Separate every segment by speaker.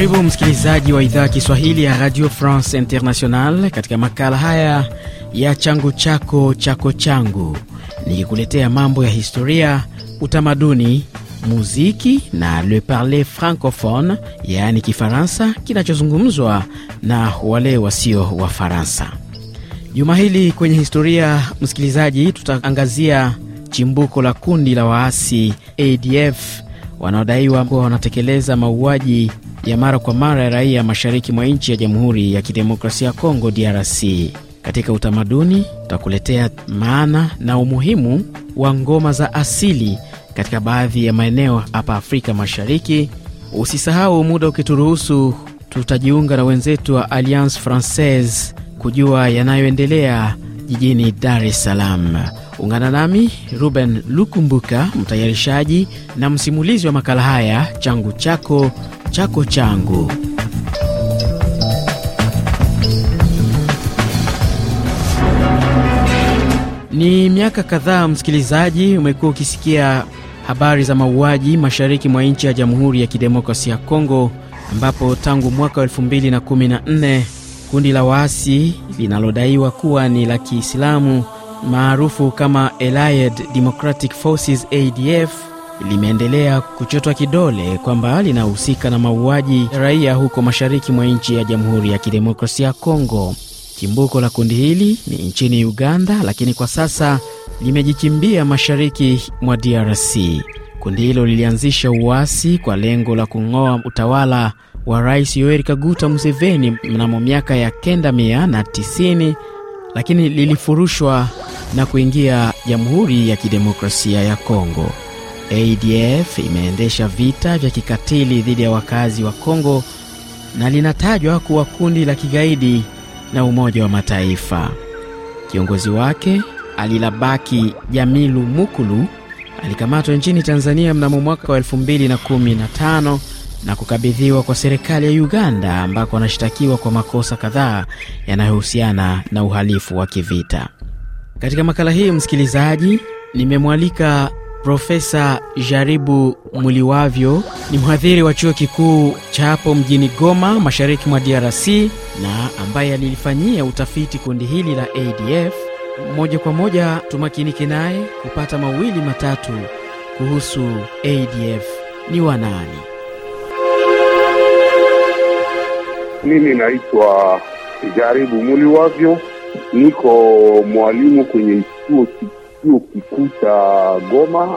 Speaker 1: Karibu msikilizaji wa idhaa Kiswahili ya Radio France International katika makala haya ya changu chako chako changu, nikikuletea mambo ya historia, utamaduni, muziki na le parler francophone, yaani Kifaransa kinachozungumzwa na wale wasio wa Faransa. Juma hili kwenye historia, msikilizaji, tutaangazia chimbuko la kundi la waasi ADF wanaodaiwa kuwa wanatekeleza mauaji ya mara kwa mara ya raia mashariki mwa nchi ya Jamhuri ya Kidemokrasia ya Kongo, DRC. Katika utamaduni, tutakuletea maana na umuhimu wa ngoma za asili katika baadhi ya maeneo hapa Afrika Mashariki. Usisahau, muda ukituruhusu, tutajiunga na wenzetu wa Alliance Francaise kujua yanayoendelea jijini Dar es Salaam. Ungana nami Ruben Lukumbuka, mtayarishaji na msimulizi wa makala haya changu chako chako changu. Ni miaka kadhaa, msikilizaji, umekuwa ukisikia habari za mauaji mashariki mwa nchi ya Jamhuri ya Kidemokrasia ya Kongo, ambapo tangu mwaka 2014 kundi la waasi linalodaiwa kuwa ni la Kiislamu maarufu kama Allied Democratic Forces ADF limeendelea kuchotwa kidole kwamba linahusika na mauaji ya raia huko mashariki mwa nchi ya Jamhuri ya Kidemokrasia ya Kongo. Chimbuko la kundi hili ni nchini Uganda, lakini kwa sasa limejichimbia mashariki mwa DRC. Kundi hilo lilianzisha uasi kwa lengo la kung'oa utawala wa Rais yoeri Kaguta Museveni mnamo miaka ya kenda mia na lakini lilifurushwa na kuingia Jamhuri ya Kidemokrasia ya Kongo. ADF imeendesha vita vya kikatili dhidi ya wakazi wa Kongo na linatajwa kuwa kundi la kigaidi na Umoja wa Mataifa. Kiongozi wake Alilabaki Jamilu Mukulu alikamatwa nchini Tanzania mnamo mwaka wa 215 na, na kukabidhiwa kwa serikali ya Uganda ambako anashitakiwa kwa makosa kadhaa yanayohusiana na uhalifu wa kivita. Katika makala hii msikilizaji, nimemwalika Profesa Jaribu Muliwavyo ni mhadhiri wa chuo kikuu cha hapo mjini Goma, mashariki mwa DRC, na ambaye alilifanyia utafiti kundi hili la ADF. Moja kwa moja tumakinike naye kupata mawili matatu kuhusu ADF ni wanani.
Speaker 2: Mimi naitwa Jaribu Muliwavyo, niko mwalimu kwenye chuo kikuu chuo kikuu cha Goma,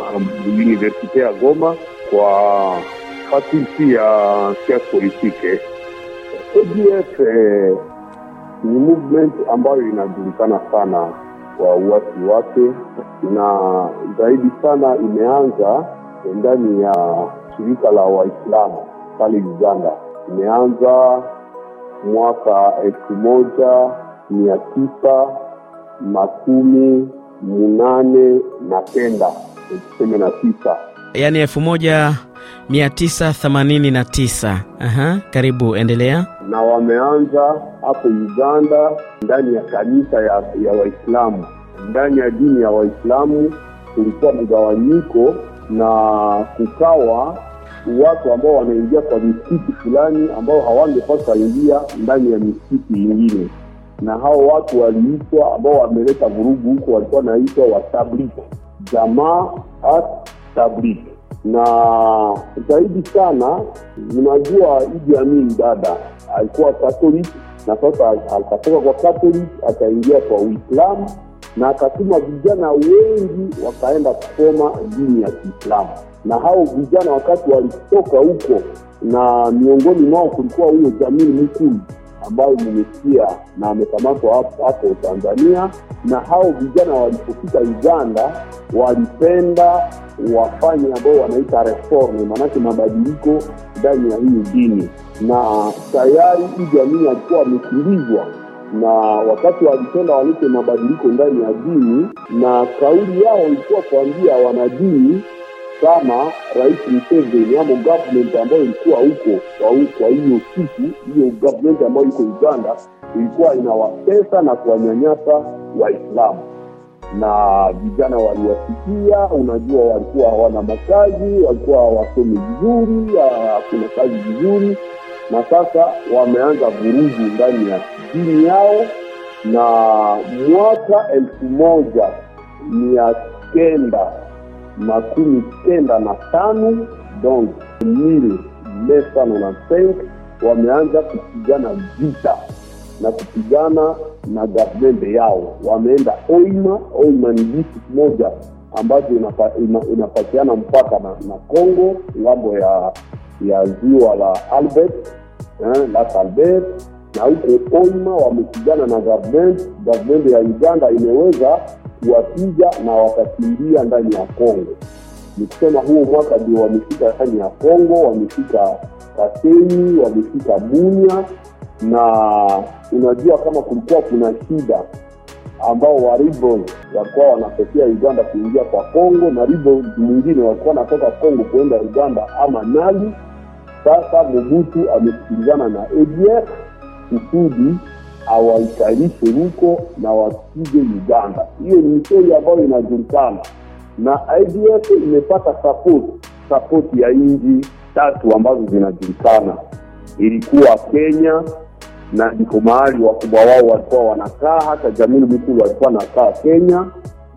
Speaker 2: universite ya Goma kwa fakulti ya siasa politike. ADF eh, ni movement ambayo inajulikana sana kwa uwasi wake na zaidi sana imeanza ndani ya shirika la Waislamu pale Uganda. Imeanza mwaka elfu moja mia tisa makumi munane na kenda tuseme na tisa
Speaker 1: yaani elfu moja mia tisa themanini na tisa. Aha, karibu endelea.
Speaker 2: Na wameanza hapo Uganda ndani ya kanisa ya, ya Waislamu, ndani ya dini ya Waislamu kulikuwa mgawanyiko na kukawa watu ambao wanaingia kwa misikiti fulani ambao hawangepasa ingia ndani ya misikiti mingine na hao watu waliitwa ambao wameleta vurugu huko walikuwa wanaitwa watablik jamaa at tablik na zaidi sana unajua idi amin dada alikuwa katolik na sasa akatoka kwa katolik akaingia kwa uislamu na akatuma vijana wengi wakaenda kusoma dini ya kiislamu na hao vijana wakati walitoka huko na miongoni mwao kulikuwa huyo jamii mkulu ambayo imesikia na amekamatwa hapo Tanzania, na hao vijana walipofika Uganda walipenda wafanye ambao wanaita reform, maanake mabadiliko ndani ya hii dini, na tayari hii jamii alikuwa wamekimbizwa na wakati walipenda walete mabadiliko ndani ya dini, na kauli yao ilikuwa kuambia wanadini kama Rais Museveni amo government ambayo ilikuwa huko kwa hiyo siku, hiyo government ambayo iko Uganda ilikuwa inawatesa na kuwanyanyasa Waislamu na vijana waliwasikia. Unajua, walikuwa hawana makazi, walikuwa hawasomi vizuri, hakuna kazi vizuri, na sasa wameanza vurugu ndani ya dini yao. Na mwaka elfu moja mia kenda makumi kenda na tano donc mil mesa nona wameanza kupigana vita na kupigana na gavembe yao, wameenda Oima. Oima ni district moja ambazo inapatiana mpaka na, na Congo ngambo ya ya ziwa la Albert eh, la Albert na huko Oima wamepigana na government. Government ya Uganda imeweza wakija na wakakimbia ndani ya Kongo. Ni kusema huo mwaka ndio wamefika ndani ya Kongo, wamefika kaseni wamefika Bunya, na unajua kama kulikuwa kuna shida ambao wa walikuwa wanatokea Uganda kuingia kwa Kongo na mwingine walikuwa wanatoka Kongo kuenda Uganda ama nali. Sasa mubutu amesikilizana na ADF kusudi hawaikalishe huko na wasije Uganda. Hiyo ni mseli ambayo inajulikana, na IDF imepata support support ya nchi tatu ambazo zinajulikana, ilikuwa Kenya na ndiko mahali wakubwa wao walikuwa wanakaa. Hata Jamil Mukulu alikuwa anakaa Kenya,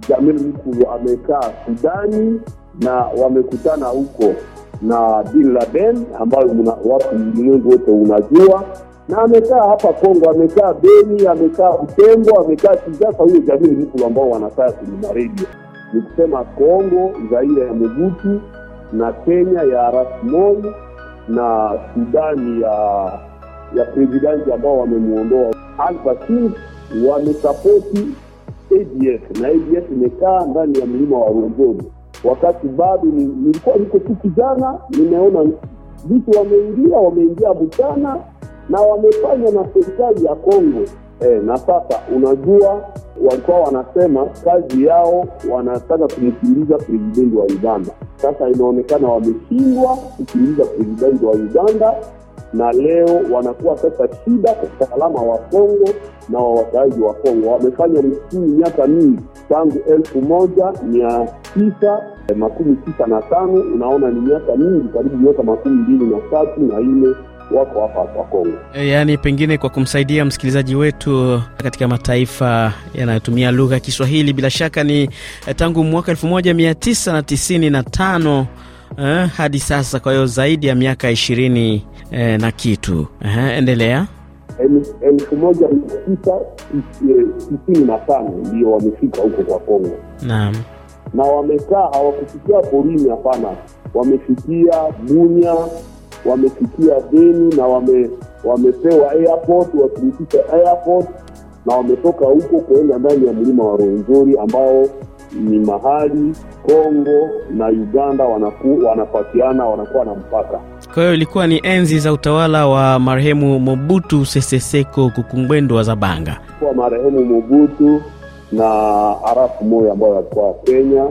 Speaker 2: Jamil Mukulu amekaa Sudani na wamekutana huko na Bin Laden ambayo watu ulimwengu wote unajua na amekaa hapa Kongo, amekaa Beni, amekaa Utembo, amekaa Kinshasa. Huyo jamii ni ambao wanakaa kwenye maredio, ni kusema Kongo, Zaire ya Mobutu na Kenya ya Arap Moi na Sudani ya ya presidenti ambao wamemuondoa Alva wamesapoti ADF na ADF imekaa ndani ya mlima wa Rwenzori. Wakati bado nilikuwa niko tu kijana, nimeona vitu wameingia, wameingia mchana na wamefanywa na serikali ya Kongo. E, na sasa unajua, walikuwa wanasema kazi yao wanataka kumkimbiza prezidenti wa Uganda. Sasa inaonekana wameshindwa kukimbiza prezidenti wa Uganda, na leo wanakuwa sasa shida kwa usalama wa Kongo na wakaaji wa Kongo. Wamefanya msikini miaka mingi tangu elfu moja mia tisa eh, makumi tisa na tano unaona ni miaka mingi, karibu miaka makumi mbili na tatu na nne wako hapa hapa
Speaker 1: Kongo. Eh, yaani, pengine kwa kumsaidia msikilizaji wetu katika mataifa yanayotumia lugha ya Kiswahili, bila shaka ni eh, tangu mwaka 1995 Uh, eh, hadi sasa, kwa hiyo zaidi ya miaka ishirini eh, na kitu uh, endelea
Speaker 2: elfu moja mia tisa tisini na tano ndio wamefika huko kwa Kongo. Naam, na wamekaa hawakufikia porini, hapana, wamefikia Bunya wamefikia deni na wame, wamepewa airport, wakiitisha airport na wametoka huko kuenda ndani ya mlima wa Rwenzori ambao ni mahali Kongo na Uganda wanaku, wanapatiana wanakuwa na mpaka.
Speaker 1: Kwa hiyo ilikuwa ni enzi za utawala wa marehemu Mobutu Sese Seko Kukumbwendo wa Zabanga,
Speaker 2: kwa marehemu Mobutu na Arap moja ambayo alikuwa Kenya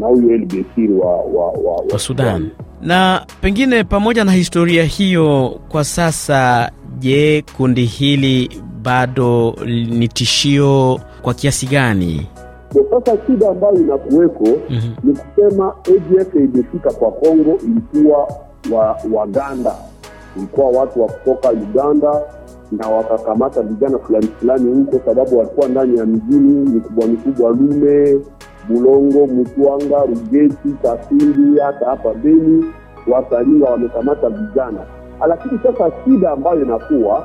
Speaker 2: na huyu El Besir wa, wa, wa, wa
Speaker 1: Sudan. Na pengine pamoja na historia hiyo, kwa sasa, je, kundi hili bado ni tishio kwa kiasi gani?
Speaker 2: Ndio sasa shida ambayo inakuweko mm -hmm. ni kusema ADF imefika kwa Kongo, ilikuwa wa Waganda, ilikuwa watu wa kutoka Uganda na wakakamata vijana fulani fulani huko, sababu walikuwa ndani ya mjini mikubwa mikubwa lume Bulongo, Mtwanga, Rugeti, Kasindi, hata hapa Beni wasanii wamekamata vijana. Lakini sasa shida ambayo inakuwa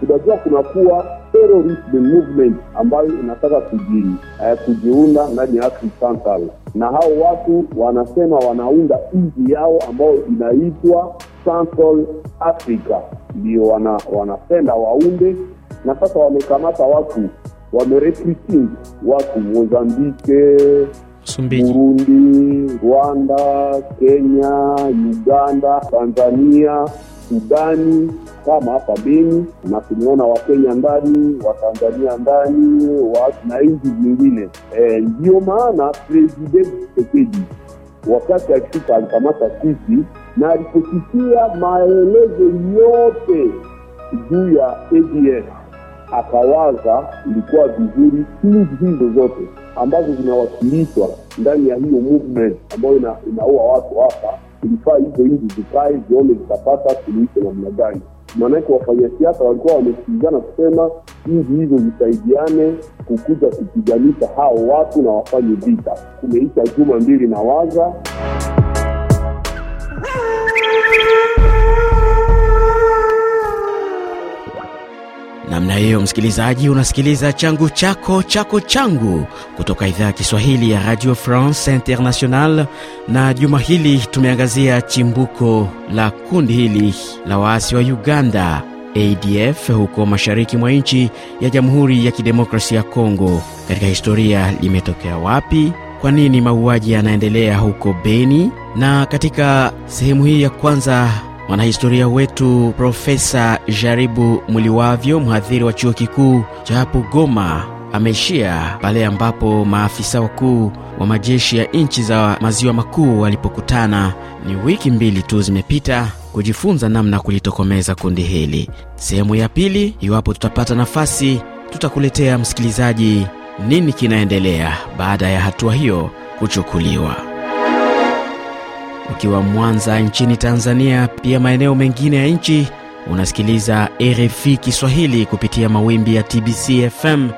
Speaker 2: tunajua, kunakuwa terrorist movement ambayo inataka kujiri eh, kujiunda ndani ya Afrika Central, na hao watu wanasema wanaunda nchi yao ambayo inaitwa Central Africa, ndio wana, wanapenda waunde, na sasa wamekamata watu wamerecruiting watu Mozambike, Burundi, Rwanda, Kenya, Uganda, Tanzania, Sudani kama hapa Beni, na tumeona Wakenya ndani, Watanzania ndani wa, na nchi zingine. Ndiyo e, maana President Tshisekedi wakati akifika alikamata sisi na aliposikia maelezo yote juu ya ADF akawaza ilikuwa vizuri nchi hizo zote ambazo zinawakilishwa ndani ya hiyo movement ambayo ina, inaua watu hapa, ilifaa hizo nchi zikae zione zitapata suluhisho namna gani. Maanake wafanyasiasa walikuwa wamesikilizana kusema nchi hizo zisaidiane kukuja kupiganisha hao watu na wafanye vita. Kumeisha juma mbili na waza
Speaker 1: hiyo msikilizaji, unasikiliza changu chako chako changu kutoka idhaa ya Kiswahili ya Radio France International, na juma hili tumeangazia chimbuko la kundi hili la waasi wa Uganda ADF huko mashariki mwa nchi ya Jamhuri ya Kidemokrasia ya congo Katika historia limetokea wapi? Kwa nini mauaji yanaendelea huko Beni? Na katika sehemu hii ya kwanza Mwanahistoria wetu Profesa Jaribu Muliwavyo, mhadhiri wa chuo kikuu cha hapo Goma, ameishia pale ambapo maafisa wakuu wa majeshi ya nchi za maziwa makuu walipokutana. Ni wiki mbili tu zimepita kujifunza namna kulitokomeza kundi hili. Sehemu ya pili, iwapo tutapata nafasi, tutakuletea msikilizaji, nini kinaendelea baada ya hatua hiyo kuchukuliwa ukiwa Mwanza nchini Tanzania, pia maeneo mengine ya nchi, unasikiliza RFI Kiswahili kupitia mawimbi ya TBC FM,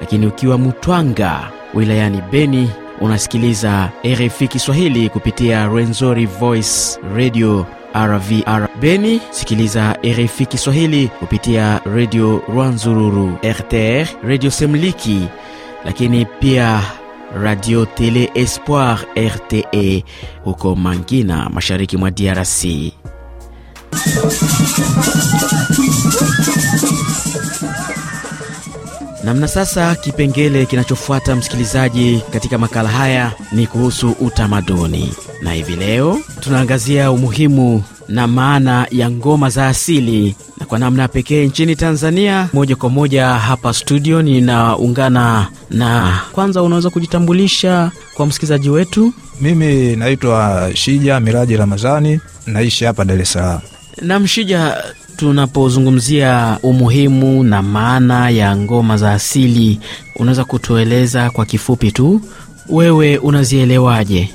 Speaker 1: lakini ukiwa Mutwanga wilayani Beni unasikiliza RFI Kiswahili kupitia Renzori Voice Radio RVR Beni. Sikiliza RFI Kiswahili kupitia Radio Rwanzururu, RTR, Radio Semliki, lakini pia Radio Tele Espoir RTE huko Mangina mashariki mwa DRC. Namna sasa, kipengele kinachofuata msikilizaji, katika makala haya ni kuhusu utamaduni, na hivi leo tunaangazia umuhimu na maana ya ngoma za asili, na kwa namna pekee nchini Tanzania. Moja kwa moja hapa
Speaker 3: studio ninaungana na,
Speaker 1: kwanza unaweza kujitambulisha kwa msikilizaji
Speaker 3: wetu? Mimi naitwa Shija Miraji Ramazani, naishi hapa Dar es Salaam.
Speaker 1: shija tunapozungumzia umuhimu na maana ya ngoma za asili, unaweza kutueleza kwa kifupi tu wewe
Speaker 3: unazielewaje?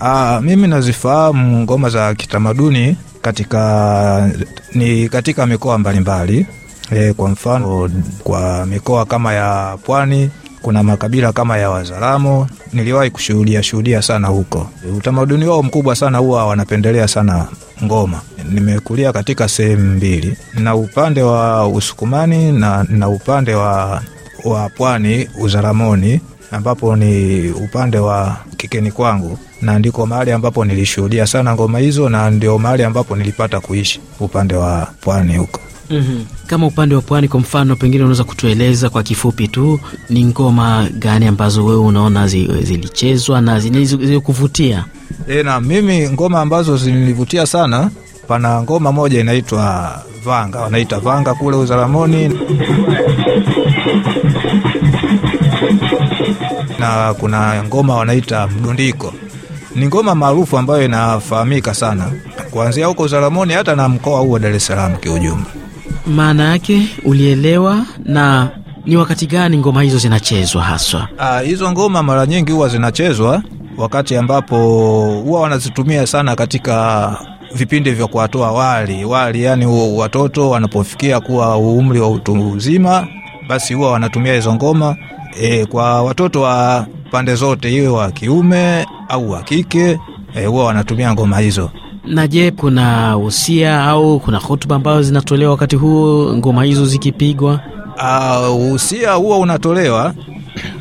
Speaker 3: Aa, mimi nazifahamu ngoma za kitamaduni katika, ni katika mikoa mbalimbali e, kwa mfano kwa mikoa kama ya Pwani kuna makabila kama ya Wazaramo niliwahi kushuhudia shuhudia sana huko. Utamaduni wao mkubwa sana huwa wanapendelea sana ngoma. Nimekulia katika sehemu mbili, na upande wa Usukumani na, na upande wa, wa Pwani Uzaramoni ambapo ni upande wa kikeni kwangu, na ndiko mahali ambapo nilishuhudia sana ngoma hizo, na ndio mahali ambapo nilipata kuishi upande wa pwani huko.
Speaker 1: Mm -hmm. Kama upande wa pwani kwa mfano, pengine unaweza kutueleza kwa kifupi tu ni ngoma gani ambazo wewe unaona zilichezwa na
Speaker 3: zilikuvutia? E, na mimi ngoma ambazo zilinivutia sana, pana ngoma moja inaitwa vanga, wanaita vanga kule Uzaramoni na kuna ngoma wanaita mdundiko, ni ngoma maarufu ambayo inafahamika sana kuanzia huko zaramoni hata na mkoa huu wa Dar es Salaam kiujumla.
Speaker 1: Maana yake ulielewa. Na ni wakati gani ngoma hizo zinachezwa haswa?
Speaker 3: Ah, hizo ngoma mara nyingi huwa zinachezwa wakati ambapo huwa wanazitumia sana katika vipindi vya kuwatoa wali wali, yani watoto wanapofikia kuwa umri wa utu uzima, basi huwa wanatumia hizo ngoma e, kwa watoto wa pande zote, iwe wa kiume au wa kike eh, huwa e, wanatumia ngoma hizo.
Speaker 1: Na je, kuna usia au kuna hotuba ambazo zinatolewa wakati huo ngoma hizo zikipigwa?
Speaker 3: Ah, usia huwa unatolewa,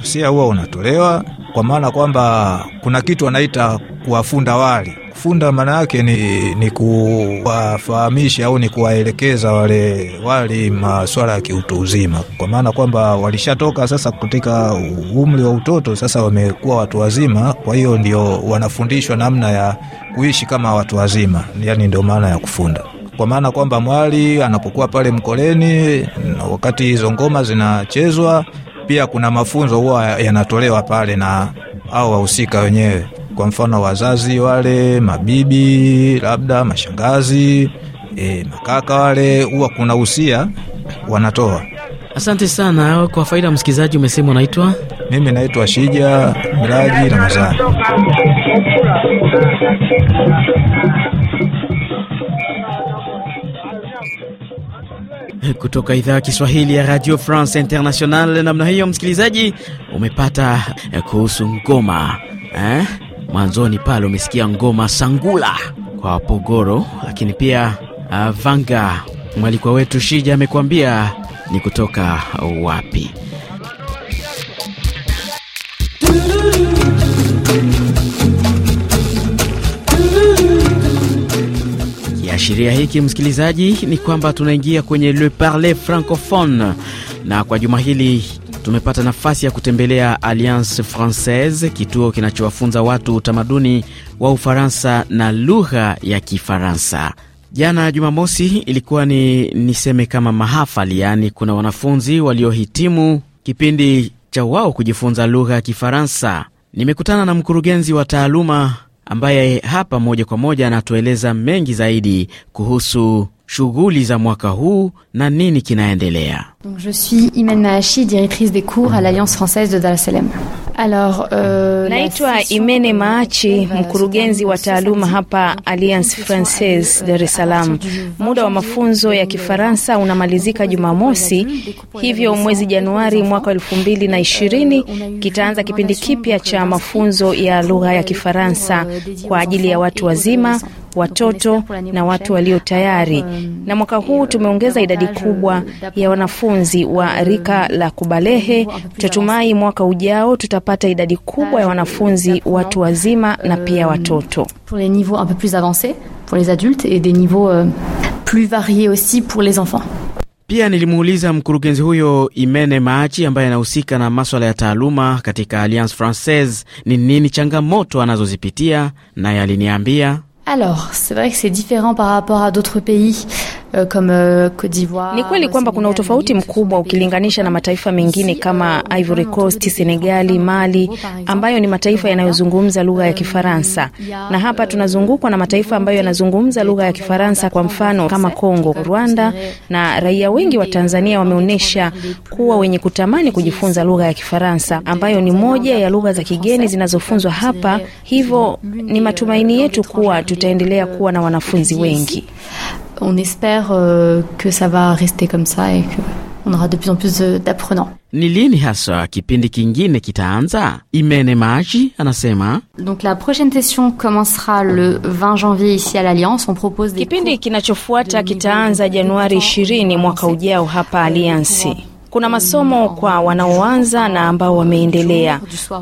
Speaker 3: usia huwa unatolewa kwa maana kwamba kuna kitu anaita kuwafunda wali Kufunda maana yake ni, ni kuwafahamisha au ni kuwaelekeza wale wali maswala ya kiutu uzima, kwa maana kwamba walishatoka sasa katika umri wa utoto, sasa wamekuwa watu wazima. Kwa hiyo ndio wanafundishwa namna ya kuishi kama watu wazima, yani ndio maana ya kufunda kwa maana kwamba mwali anapokuwa pale mkoleni, wakati hizo ngoma zinachezwa, pia kuna mafunzo huwa yanatolewa pale na au wahusika wenyewe kwa mfano wazazi wale, mabibi, labda mashangazi, e, makaka wale, huwa kuna usia wanatoa. Asante sana
Speaker 1: kwa faida ya msikilizaji. Umesema unaitwa? Mimi naitwa Shija
Speaker 3: Miraji Ramadhani.
Speaker 1: kutoka idhaa ya Kiswahili ya Radio France International. Namna hiyo, msikilizaji, umepata kuhusu ngoma eh? mwanzoni pale umesikia ngoma sangula kwa pogoro lakini pia uh, Vanga mwalikwa wetu Shija amekuambia ni kutoka wapi. Kiashiria hiki msikilizaji ni kwamba tunaingia kwenye Le parle Francophone, na kwa juma hili tumepata nafasi ya kutembelea Alliance Francaise, kituo kinachowafunza watu utamaduni wa Ufaransa na lugha ya Kifaransa. Jana Jumamosi ilikuwa ni niseme kama mahafali, yaani kuna wanafunzi waliohitimu kipindi cha wao kujifunza lugha ya Kifaransa. Nimekutana na mkurugenzi wa taaluma ambaye hapa moja kwa moja anatueleza mengi zaidi kuhusu shughuli za mwaka huu na nini kinaendelea.
Speaker 4: Donc, je suis Imen Maashi, directrice des cours à l'Alliance Française de Dar es Salaam. Alors, euh, naitwa Imene Maachi, mkurugenzi wa taaluma hapa Alliance Francaise Dar es Salaam. Muda wa mafunzo ya Kifaransa unamalizika Jumamosi, hivyo mwezi Januari mwaka elfu mbili na euh, ishirini kitaanza kipindi kipya cha mafunzo ya lugha ya Kifaransa euh, kwa ajili ya watu wazima watoto na watu walio tayari. Na mwaka huu tumeongeza idadi kubwa ya wanafunzi wa rika la kubalehe. Tutatumai mwaka ujao tutapata idadi kubwa ya wanafunzi watu wazima na pia watoto. Euh,
Speaker 1: pia nilimuuliza mkurugenzi huyo Imene Maachi ambaye anahusika na maswala ya taaluma katika Alliance Francaise ni nini changamoto anazozipitia, naye aliniambia
Speaker 4: Alors, c'est vrai que c'est différent par rapport à d'autres pays. Euh, comme euh, Côte d'Ivoire. Ni kweli kwamba kuna utofauti mkubwa ukilinganisha na mataifa mengine kama Ivory Coast, Senegali, Mali ambayo ni mataifa yanayozungumza lugha ya Kifaransa, na hapa euh, tunazungukwa na mataifa ambayo yanazungumza lugha ya Kifaransa, kwa mfano kama Kongo, Rwanda, na raia wengi wa Tanzania wameonyesha kuwa wenye kutamani kujifunza lugha ya Kifaransa ambayo ni moja ya lugha za kigeni zinazofunzwa hapa. Hivyo ni matumaini yetu kuwa tutaendelea kuwa na wanafunzi wengi. On espère euh, que ça va rester comme ça et que on aura de plus en plus d'apprenants.
Speaker 1: Ni lini haswa kipindi kingine kitaanza? Imene Maji anasema
Speaker 4: Donc la prochaine session commencera le 20 janvier ici à l'Alliance. On propose des Kipindi kinachofuata kitaanza Januari 20 mwaka ujao hapa Alliance. Kuna masomo kwa wanaoanza na ambao wameendelea.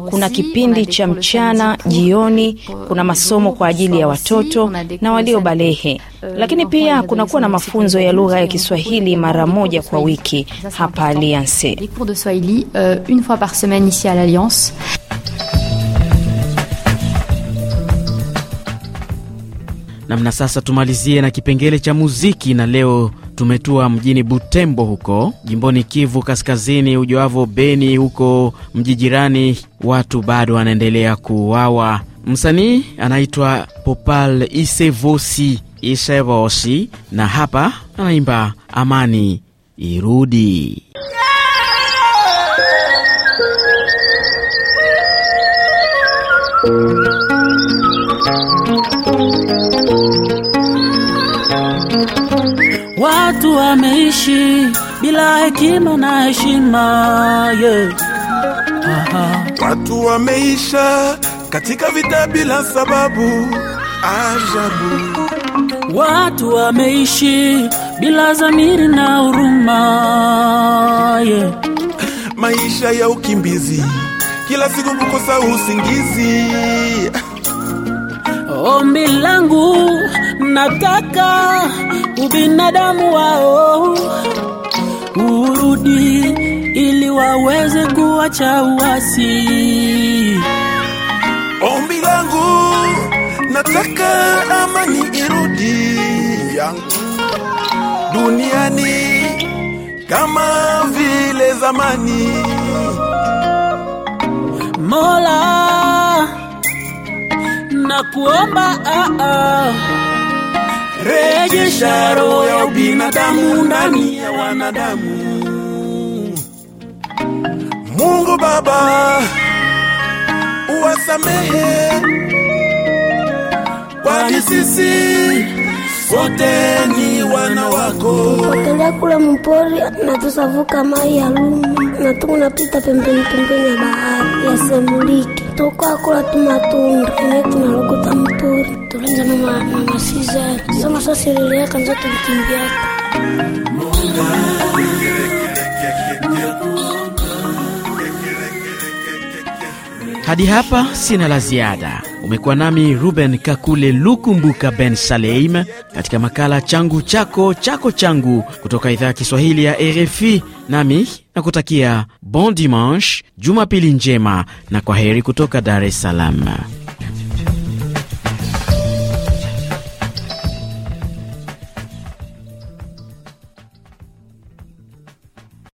Speaker 4: Kuna kipindi cha mchana, jioni, kuna masomo kwa ajili ya watoto na waliobalehe, lakini pia kunakuwa na mafunzo ya lugha ya Kiswahili mara moja kwa wiki hapa Alliance.
Speaker 1: Namna sasa, tumalizie na kipengele cha muziki, na leo tumetua mjini Butembo huko jimboni Kivu Kaskazini, ujuavo Beni. Huko mji jirani, watu bado wanaendelea kuuawa. Msanii anaitwa Popal Isevosi Isevosi, na hapa anaimba amani irudi. Watu wameishi bila hekima na heshima yeah. Watu wameisha katika vita bila
Speaker 3: sababu ajabu.
Speaker 1: Watu wameishi bila zamiri na huruma yeah. Maisha ya ukimbizi, kila siku kukosa usingizi Ombi langu nataka ubinadamu wao urudi, ili waweze kuacha uasi. Ombi langu nataka amani irudi yangu duniani kama vile zamani. Mola kuomba ah, ah. Rejesha
Speaker 2: roho ya ubinadamu ndani ya wanadamu.
Speaker 1: Mungu Baba, uwasamehe, kwani sisi sote ni wana wako. Tunapotelea kula mpori na tusavuka mai ya lumu na tunapita pembeni pembeni ya bahari yasemulike Toko aku lagi matur, enek nalo aku tamtur. Turun kan jana ma nama sizar, sama sa sirilia kan satu tulitin biak. Hadi hapa sina la ziada. Umekuwa nami Ruben Kakule Lukumbuka Ben Saleim katika makala changu chako chako changu kutoka idhaa ya Kiswahili ya RFI, nami na kutakia bon dimanche, jumapili njema na kwa heri kutoka Dar es Salaam.